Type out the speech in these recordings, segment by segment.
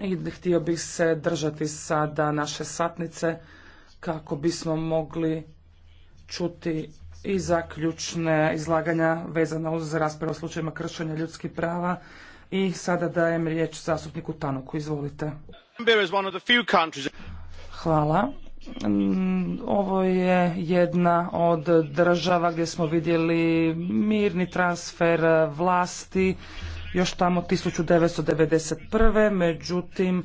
I htio bih se držati sada naše satnice kako bismo mogli čuti i zaključne izlaganja vezana uz raspravu o slučajima kršenja ljudskih prava. I sada dajem riječ zastupniku Tanuku. Izvolite. Hvala. Mm, ovo je jedna od država gdje smo vidjeli mirni transfer vlasti još tamo 1991. Međutim,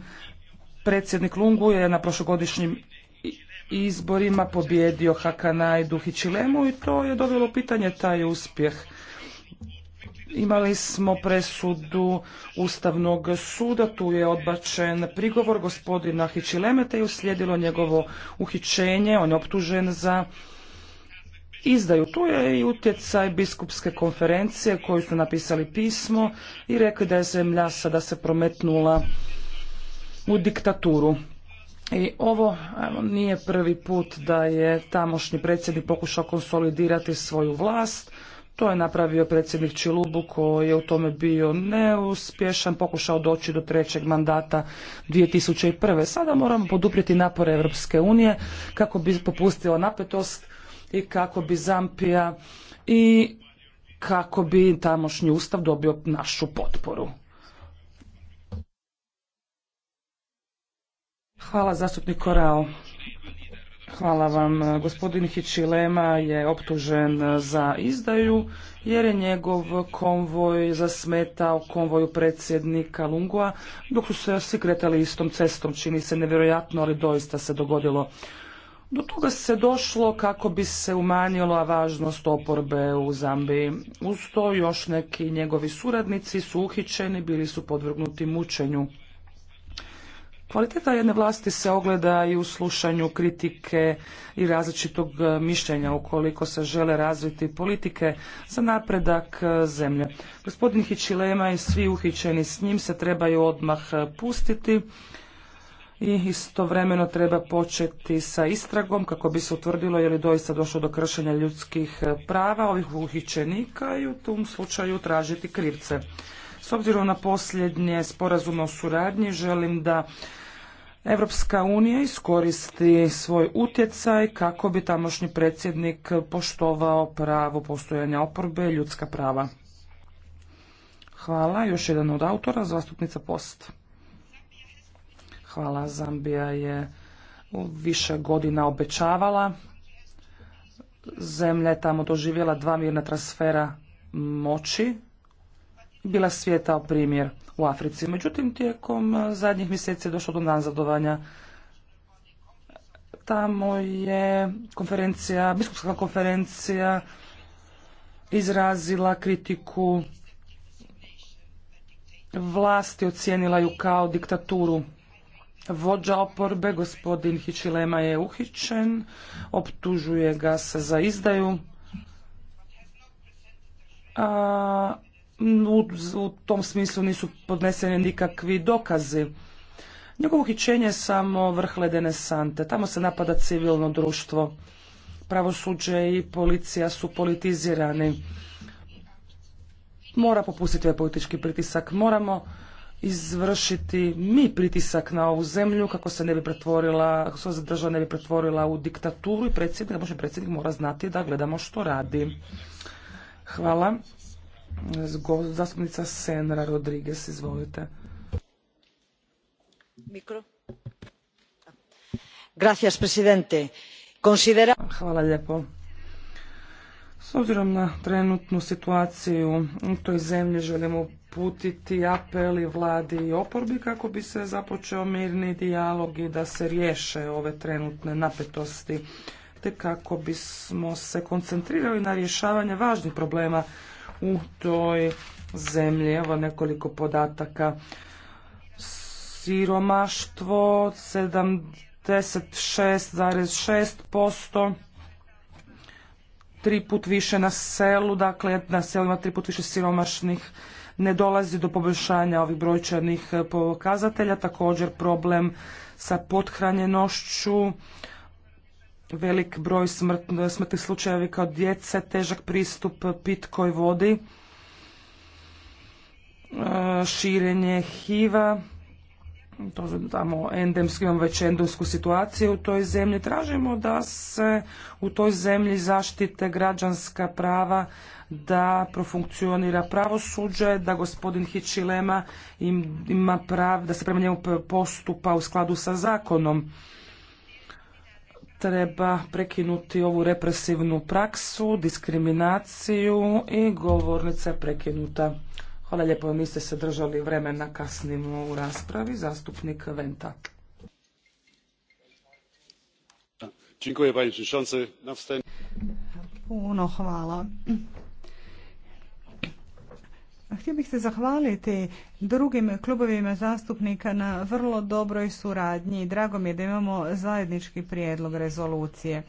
predsjednik Lungu je na prošlogodišnjim izborima pobjedio Hakanajdu Hičilemu i to je dovelo pitanje taj uspjeh. Imali smo presudu Ustavnog suda, tu je odbačen prigovor gospodina Hičileme, te je uslijedilo njegovo uhićenje, on je optužen za izdaju. Tu je i utjecaj biskupske konferencije koju su napisali pismo i rekli da je zemlja sada se prometnula u diktaturu. I ovo nije prvi put da je tamošnji predsjednik pokušao konsolidirati svoju vlast. To je napravio predsjednik Čilubu koji je u tome bio neuspješan, pokušao doći do trećeg mandata 2001. Sada moramo poduprijeti napore Europske unije kako bi popustila napetost i kako bi Zampija i kako bi tamošnji ustav dobio našu potporu. Hvala zastupnik Korao. Hvala vam. Gospodin Hičilema je optužen za izdaju jer je njegov konvoj zasmetao konvoju predsjednika Lungua dok su se svi kretali istom cestom. Čini se nevjerojatno, ali doista se dogodilo. Do toga se došlo kako bi se umanjila važnost oporbe u Zambiji. Uz to još neki njegovi suradnici su uhićeni, bili su podvrgnuti mučenju. Kvaliteta jedne vlasti se ogleda i u slušanju kritike i različitog mišljenja ukoliko se žele razviti politike za napredak zemlje. Gospodin Hičilema i svi uhićeni s njim se trebaju odmah pustiti i istovremeno treba početi sa istragom kako bi se utvrdilo je li doista došlo do kršenja ljudskih e, prava ovih uhićenika i u tom slučaju tražiti krivce. S obzirom na posljednje sporazume o suradnji želim da Evropska unija iskoristi svoj utjecaj kako bi tamošnji predsjednik poštovao pravo postojanja oporbe i ljudska prava. Hvala. Još jedan od autora, zastupnica Post. Hvala. Zambija je više godina obećavala. Zemlja je tamo doživjela dva mirna transfera moći. Bila o primjer u Africi. Međutim, tijekom zadnjih mjeseci je došlo do nazadovanja. Tamo je konferencija, biskupska konferencija izrazila kritiku vlasti, ocijenila ju kao diktaturu. Vođa oporbe, gospodin Hičilema je uhićen, optužuje ga se za izdaju. u, u tom smislu nisu podneseni nikakvi dokazi. Njegovo uhićenje je samo vrh ledene sante. Tamo se napada civilno društvo. Pravosuđe i policija su politizirani. Mora popustiti ovaj politički pritisak. Moramo izvršiti mi pritisak na ovu zemlju kako se ne bi pretvorila, kako se država ne bi pretvorila u diktaturu i predsjednik, može predsjednik mora znati da gledamo što radi. Hvala. Zastupnica Senra Rodriguez, izvolite. Mikro. Gracias, Hvala lijepo. S obzirom na trenutnu situaciju u toj zemlji želimo uputiti apeli vladi i oporbi kako bi se započeo mirni dijalog i da se riješe ove trenutne napetosti te kako bismo se koncentrirali na rješavanje važnih problema u toj zemlji. Evo nekoliko podataka. Siromaštvo 76,6%, tri put više na selu, dakle na selu ima tri put više siromašnih ne dolazi do poboljšanja ovih brojčanih e, pokazatelja, također problem sa pothranjenošću, velik broj smrtnih slučajeva kao djece, težak pristup pitkoj vodi, e, širenje HIV-a to tamo endemski, imamo već endemsku situaciju u toj zemlji. Tražimo da se u toj zemlji zaštite građanska prava, da profunkcionira pravosuđe, da gospodin Hičilema ima prav, da se prema njemu postupa u skladu sa zakonom. Treba prekinuti ovu represivnu praksu, diskriminaciju i govornica je prekinuta. Hvala lijepo, ste se držali vremena, kasnimo u raspravi. Zastupnik Venta. Puno hvala. Htio bih se zahvaliti drugim klubovima zastupnika na vrlo dobroj suradnji. Drago mi je da imamo zajednički prijedlog rezolucije.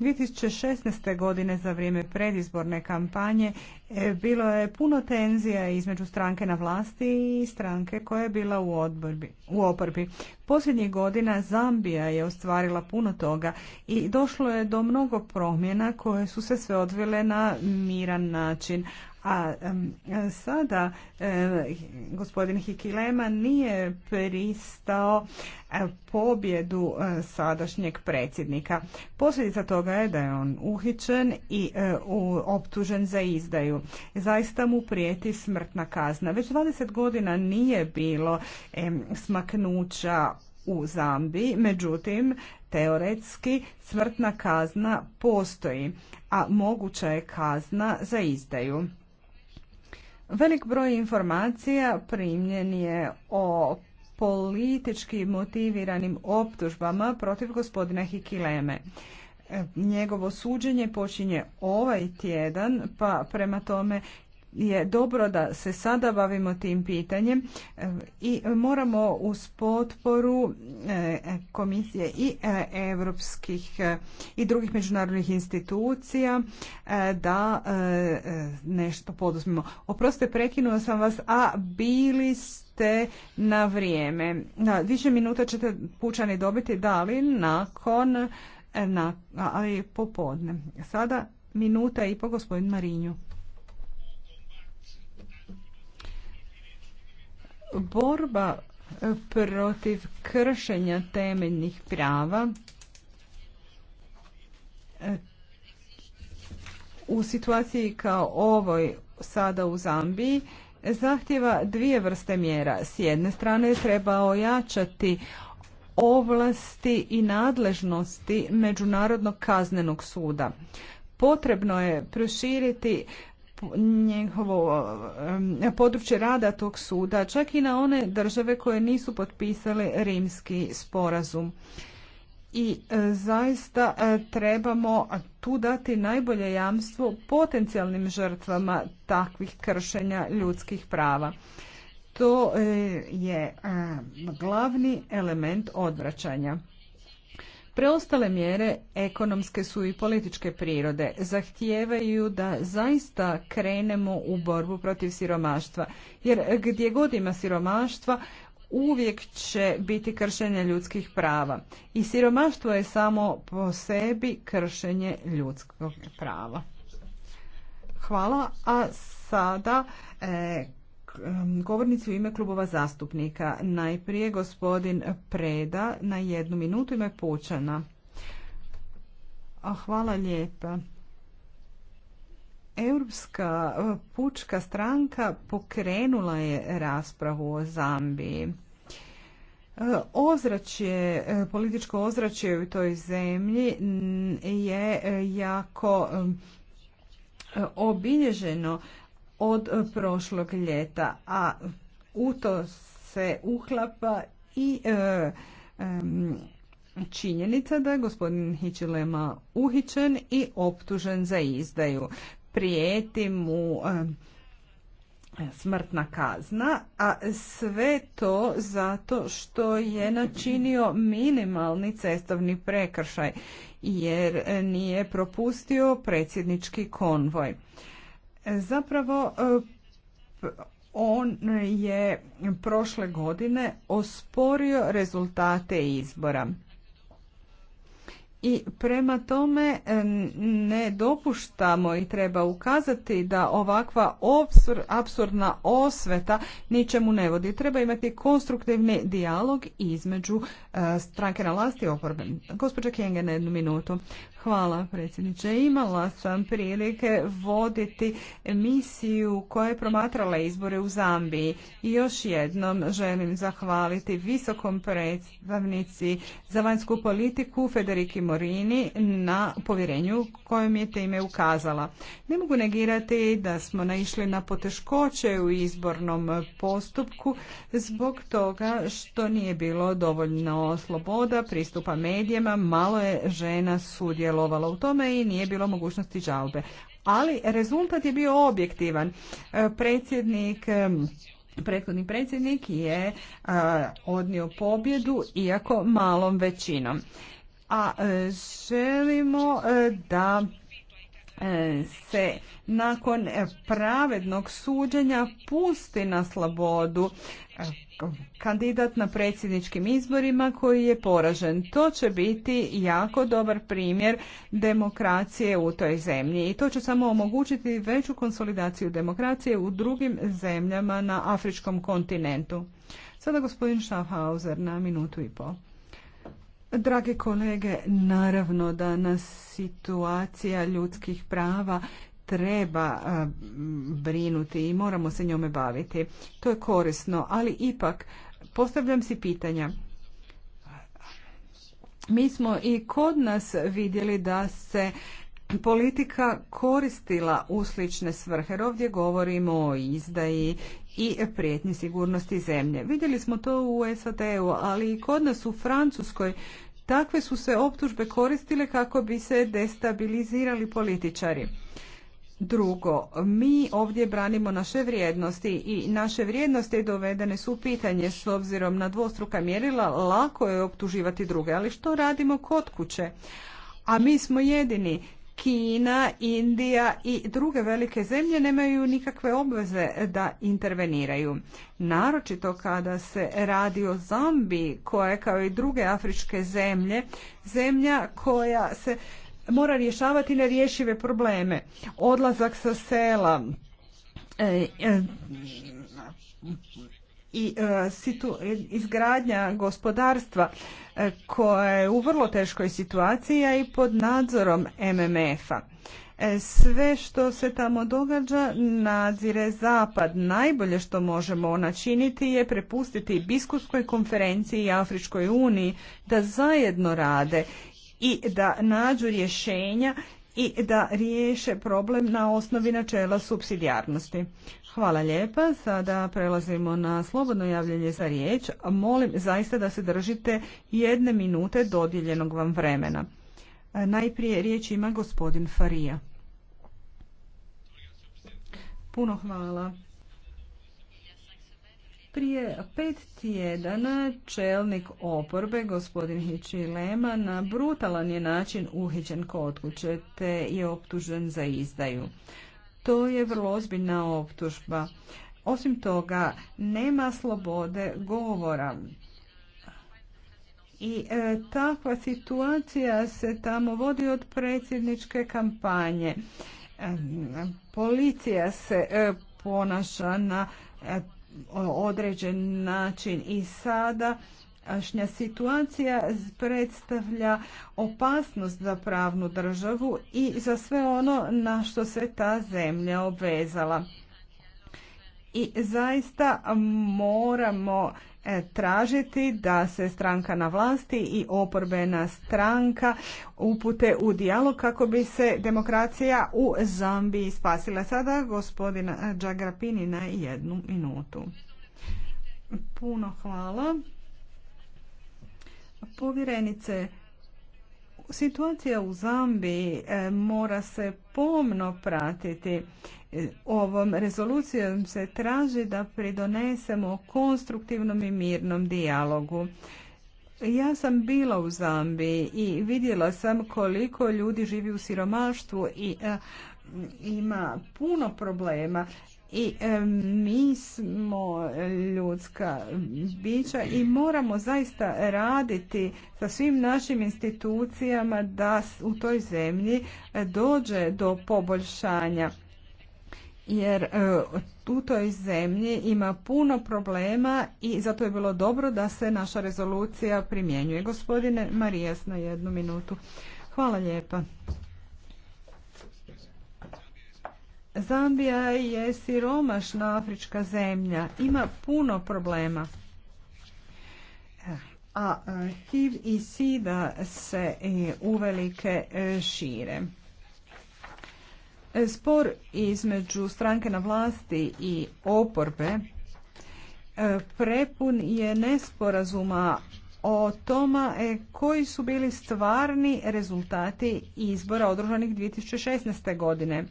2016. godine za vrijeme predizborne kampanje E, bilo je puno tenzija između stranke na vlasti i stranke koja je bila u, odborbi, u oporbi. Posljednjih godina Zambija je ostvarila puno toga i došlo je do mnogo promjena koje su se sve odvile na miran način. A sada gospodin Hikilema nije pristao e, pobjedu e, sadašnjeg predsjednika. Posljedica toga je da je on uhićen i optužen za izdaju. Zaista mu prijeti smrtna kazna. Već 20 godina nije bilo em, smaknuća u Zambiji, međutim, teoretski smrtna kazna postoji, a moguća je kazna za izdaju. Velik broj informacija primljen je o politički motiviranim optužbama protiv gospodina Hikileme. Njegovo suđenje počinje ovaj tjedan, pa prema tome je dobro da se sada bavimo tim pitanjem e, i moramo uz potporu e, komisije i e, evropskih i drugih međunarodnih institucija da nešto poduzmemo. Oprostite, prekinuo sam vas, a bili ste na vrijeme. više minuta ćete pučani dobiti, da li nakon na, ali popodne. Sada minuta i po gospodin Marinju. Borba e, protiv kršenja temeljnih prava e, u situaciji kao ovoj sada u Zambiji zahtjeva dvije vrste mjera. S jedne strane treba ojačati ovlasti i nadležnosti Međunarodnog kaznenog suda. Potrebno je proširiti njegovo područje rada tog suda, čak i na one države koje nisu potpisale rimski sporazum. I e, zaista e, trebamo tu dati najbolje jamstvo potencijalnim žrtvama takvih kršenja ljudskih prava to e, je glavni element odvraćanja. Preostale mjere ekonomske su i političke prirode. Zahtijevaju da zaista krenemo u borbu protiv siromaštva. Jer gdje god ima siromaštva, uvijek će biti kršenje ljudskih prava. I siromaštvo je samo po sebi kršenje ljudskog prava. Hvala. A sada e, Ehm, govornici u ime klubova zastupnika. Najprije gospodin Preda na jednu minutu ime Pučana. A hvala lijepa. Europska e, pučka stranka pokrenula je raspravu o Zambiji. E, ozračje, e, političko ozračje u toj zemlji je jako obilježeno od e, prošlog ljeta, a u to se uhlapa i e, činjenica da je gospodin Hičilema uhićen i optužen za izdaju. Prijeti mu smrtna kazna, a sve to zato što je načinio minimalni cestovni prekršaj jer e, nije propustio predsjednički konvoj. Zapravo e, on je prošle godine osporio rezultate izbora. I prema tome e, ne dopuštamo i treba ukazati da ovakva apsurdna absurdna osveta ničemu ne vodi. Treba imati konstruktivni dijalog između e, stranke na vlasti i oporbe. Gospođa Kengen na jednu minutu. Hvala predsjedniče. Imala sam prilike voditi misiju koja je promatrala izbore u Zambiji i još jednom želim zahvaliti visokom predstavnici za vanjsku politiku Federiki Morini na povjerenju kojom je time ukazala. Ne mogu negirati da smo naišli na poteškoće u izbornom postupku zbog toga što nije bilo dovoljno sloboda, pristupa medijama, malo je žena sudjelovalo sudjelovala u tome i nije bilo mogućnosti žalbe. Ali rezultat je bio objektivan. E, predsjednik e, Prethodni predsjednik je e, odnio pobjedu, iako malom većinom. A želimo da se nakon e, pravednog suđenja pusti na slobodu e, kandidat na predsjedničkim izborima koji je poražen. To će biti jako dobar primjer demokracije u toj zemlji i to će samo omogućiti veću konsolidaciju demokracije u drugim zemljama na afričkom kontinentu. Sada gospodin Schaffhauser na minutu i pol. Drage kolege, naravno da nas situacija ljudskih prava treba brinuti i moramo se njome baviti. To je korisno, ali ipak postavljam si pitanja. Mi smo i kod nas vidjeli da se politika koristila u slične svrhe. Ovdje govorimo o izdaji i prijetnji sigurnosti zemlje. Vidjeli smo to u SAD-u, ali i kod nas u Francuskoj takve su se optužbe koristile kako bi se destabilizirali političari. Drugo, mi ovdje branimo naše vrijednosti i naše vrijednosti dovedene su u pitanje s obzirom na dvostruka mjerila, lako je optuživati druge, ali što radimo kod kuće? A mi smo jedini Kina, Indija i druge velike zemlje nemaju nikakve obveze da interveniraju. Naročito kada se radi o Zambiji, koja je kao i druge afričke zemlje, zemlja koja se mora rješavati nerješive probleme. Odlazak sa sela, e, e, i e, izgradnja gospodarstva e, koja je u vrlo teškoj situaciji a i pod nadzorom MMF-a. E, sve što se tamo događa nadzire zapad. Najbolje što možemo načiniti je prepustiti biskupskoj konferenciji i Afričkoj uniji da zajedno rade i da nađu rješenja i da riješe problem na osnovi načela supsidijarnosti. Hvala lijepa. Sada prelazimo na slobodno javljanje za riječ. Molim zaista da se držite jedne minute dodijeljenog vam vremena. Najprije riječ ima gospodin Farija. Puno hvala. Prije pet tjedana čelnik oporbe, gospodin Lema, na brutalan je način uhićen kod kuće te je optužen za izdaju. To je vrlo ozbiljna optužba. Osim toga, nema slobode govora. I e, takva situacija se tamo vodi od predsjedničke kampanje. E, policija se e, ponaša na e, određen način i sada ašnja situacija predstavlja opasnost za pravnu državu i za sve ono na što se ta zemlja obvezala. I zaista moramo E, tražiti da se stranka na vlasti i oporbena stranka upute u dijalog kako bi se demokracija u Zambiji spasila. Sada gospodin Džagrapini na jednu minutu. Puno hvala. Povjerenice, Situacija u Zambiji e, mora se pomno pratiti. E, ovom rezolucijom se traži da pridonesemo konstruktivnom i mirnom dijalogu. Ja sam bila u Zambiji i vidjela sam koliko ljudi živi u siromaštvu i e, ima puno problema i e, mi smo ljudska bića i moramo zaista raditi sa svim našim institucijama da u toj zemlji e, dođe do poboljšanja jer e, u toj zemlji ima puno problema i zato je bilo dobro da se naša rezolucija primjenjuje. Gospodine Marijas na jednu minutu. Hvala lijepa. Zambija je siromašna afrička zemlja, ima puno problema. A HIV i SIDA se e, uvelike e, šire. Spor između stranke na vlasti i oporbe e, prepun je nesporazuma o toma koji su bili stvarni rezultati izbora održanih 2016. godine.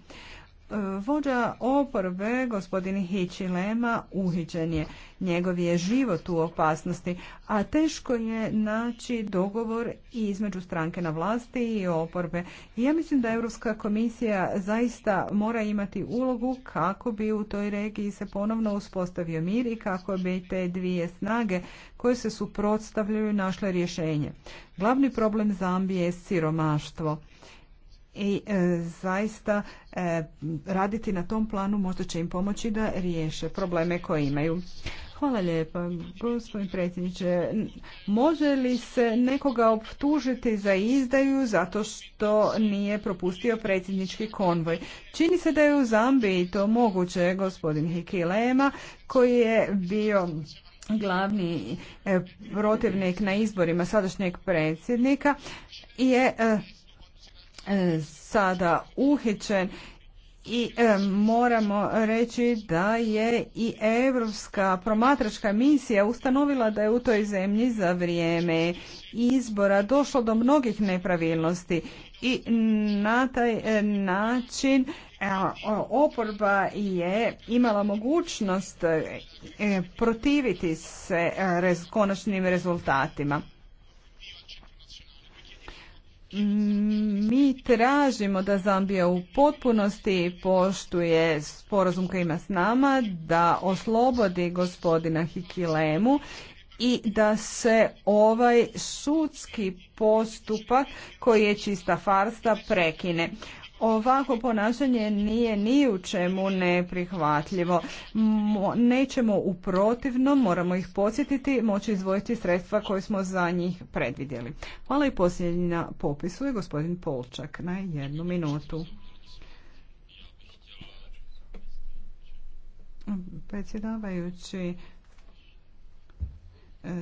Vođa oporbe, gospodin Lema, uhiđen je. Njegov je život u opasnosti, a teško je naći dogovor između stranke na vlasti i oporbe. I ja mislim da Europska komisija zaista mora imati ulogu kako bi u toj regiji se ponovno uspostavio mir i kako bi te dvije snage koje se suprotstavljaju našle rješenje. Glavni problem Zambije je siromaštvo i e, zaista e, raditi na tom planu možda će im pomoći da riješe probleme koje imaju. Hvala lijepa, gospodin predsjedniče. Može li se nekoga optužiti za izdaju zato što nije propustio predsjednički konvoj? Čini se da je u Zambiji to moguće, gospodin Hikilema, koji je bio glavni e, protivnik na izborima sadašnjeg predsjednika, je E, sada uhićen i e, moramo reći da je i europska promatračka misija ustanovila da je u toj zemlji za vrijeme izbora došlo do mnogih nepravilnosti i na taj e, način oporba je imala mogućnost protiviti se konačnim rezultatima mi tražimo da Zambija u potpunosti poštuje sporazum koji ima s nama, da oslobodi gospodina Hikilemu i da se ovaj sudski postupak koji je čista farsta prekine. Ovako ponašanje nije ni u čemu neprihvatljivo. Nećemo u protivnom, moramo ih podsjetiti, moći izvojiti sredstva koje smo za njih predvidjeli. Hvala i posljednji na popisu je gospodin Polčak na jednu minutu. Predsjedavajući,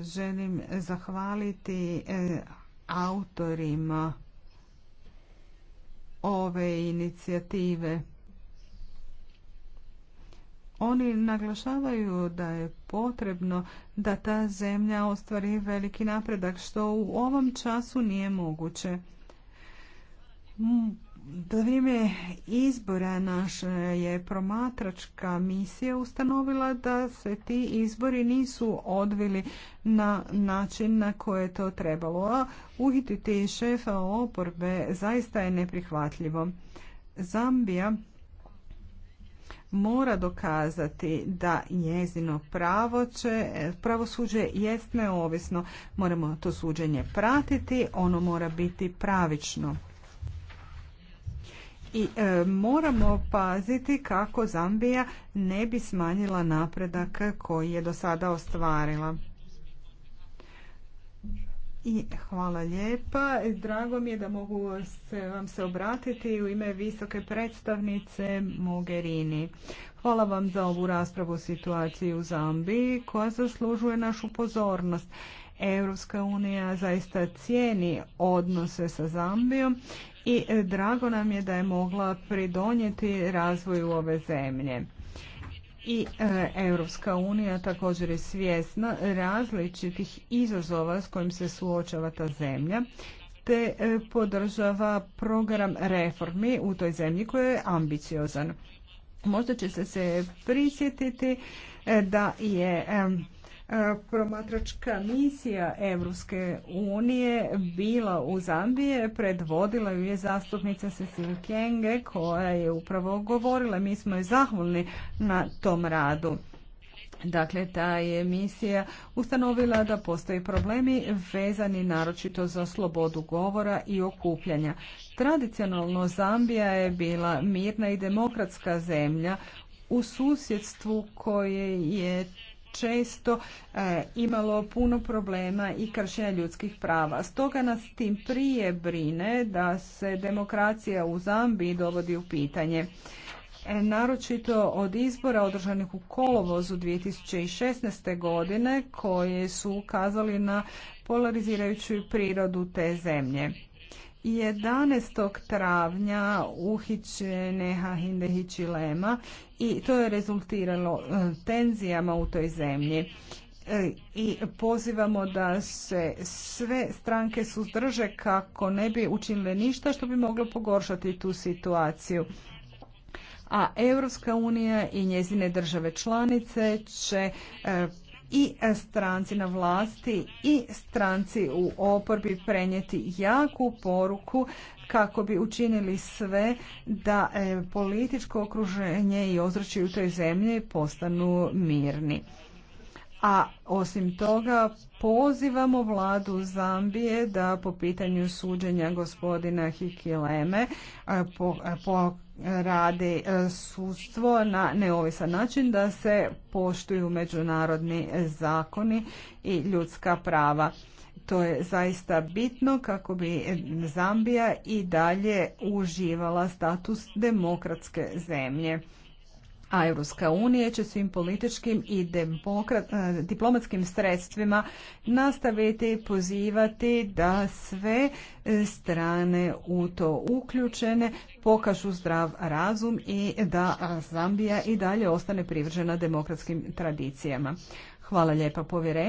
želim zahvaliti e, autorima ove inicijative. Oni naglašavaju da je potrebno da ta zemlja ostvari veliki napredak, što u ovom času nije moguće za vrijeme izbora naša je promatračka misija ustanovila da se ti izbori nisu odvili na način na koje je to trebalo, a uhititi šefa oporbe zaista je neprihvatljivo. Zambija mora dokazati da njezino pravo će, pravosuđe jest neovisno. Moramo to suđenje pratiti, ono mora biti pravično i e, moramo paziti kako Zambija ne bi smanjila napredak koji je do sada ostvarila. I hvala lijepa. Drago mi je da mogu se, vam se obratiti u ime visoke predstavnice Mogherini. Hvala vam za ovu raspravu o situaciji u Zambiji koja zaslužuje našu pozornost Europska unija zaista cijeni odnose sa Zambijom i drago nam je da je mogla pridonijeti razvoju ove zemlje. I e, Europska unija također je svjesna različitih izazova s kojim se suočava ta zemlja te e, podržava program reformi u toj zemlji koji je ambiciozan. Možda će se se prisjetiti e, da je E, promatračka misija Europske unije bila u Zambije, predvodila ju je zastupnica Cecil Kenge koja je upravo govorila. Mi smo je zahvalni na tom radu. Dakle, ta je misija ustanovila da postoje problemi vezani naročito za slobodu govora i okupljanja. Tradicionalno Zambija je bila mirna i demokratska zemlja u susjedstvu koje je često e, imalo puno problema i kršenja ljudskih prava. Stoga nas tim prije brine da se demokracija u Zambiji dovodi u pitanje. E, naročito od izbora održanih u kolovozu 2016. godine koje su ukazali na polarizirajuću prirodu te zemlje. 11. travnja uhićene Hahinde Hichilema i to je rezultiralo e, tenzijama u toj zemlji e, i pozivamo da se sve stranke suzdrže kako ne bi učinile ništa što bi moglo pogoršati tu situaciju. A Europska unija i njezine države članice će e, i e, stranci na vlasti i stranci u oporbi prenijeti jaku poruku kako bi učinili sve da e, političko okruženje i ozračje u toj zemlji postanu mirni. A osim toga pozivamo vladu Zambije da po pitanju suđenja gospodina Hikileme eh, po, eh, po eh, radi sudstvo na neovisan način da se poštuju međunarodni zakoni i ljudska prava. To je zaista bitno kako bi Zambija i dalje uživala status demokratske zemlje a Europska unija će svim političkim i e, diplomatskim sredstvima nastaviti pozivati da sve e, strane u to uključene pokažu zdrav razum i da Zambija i dalje ostane privržena demokratskim tradicijama. Hvala lijepa povjerenje.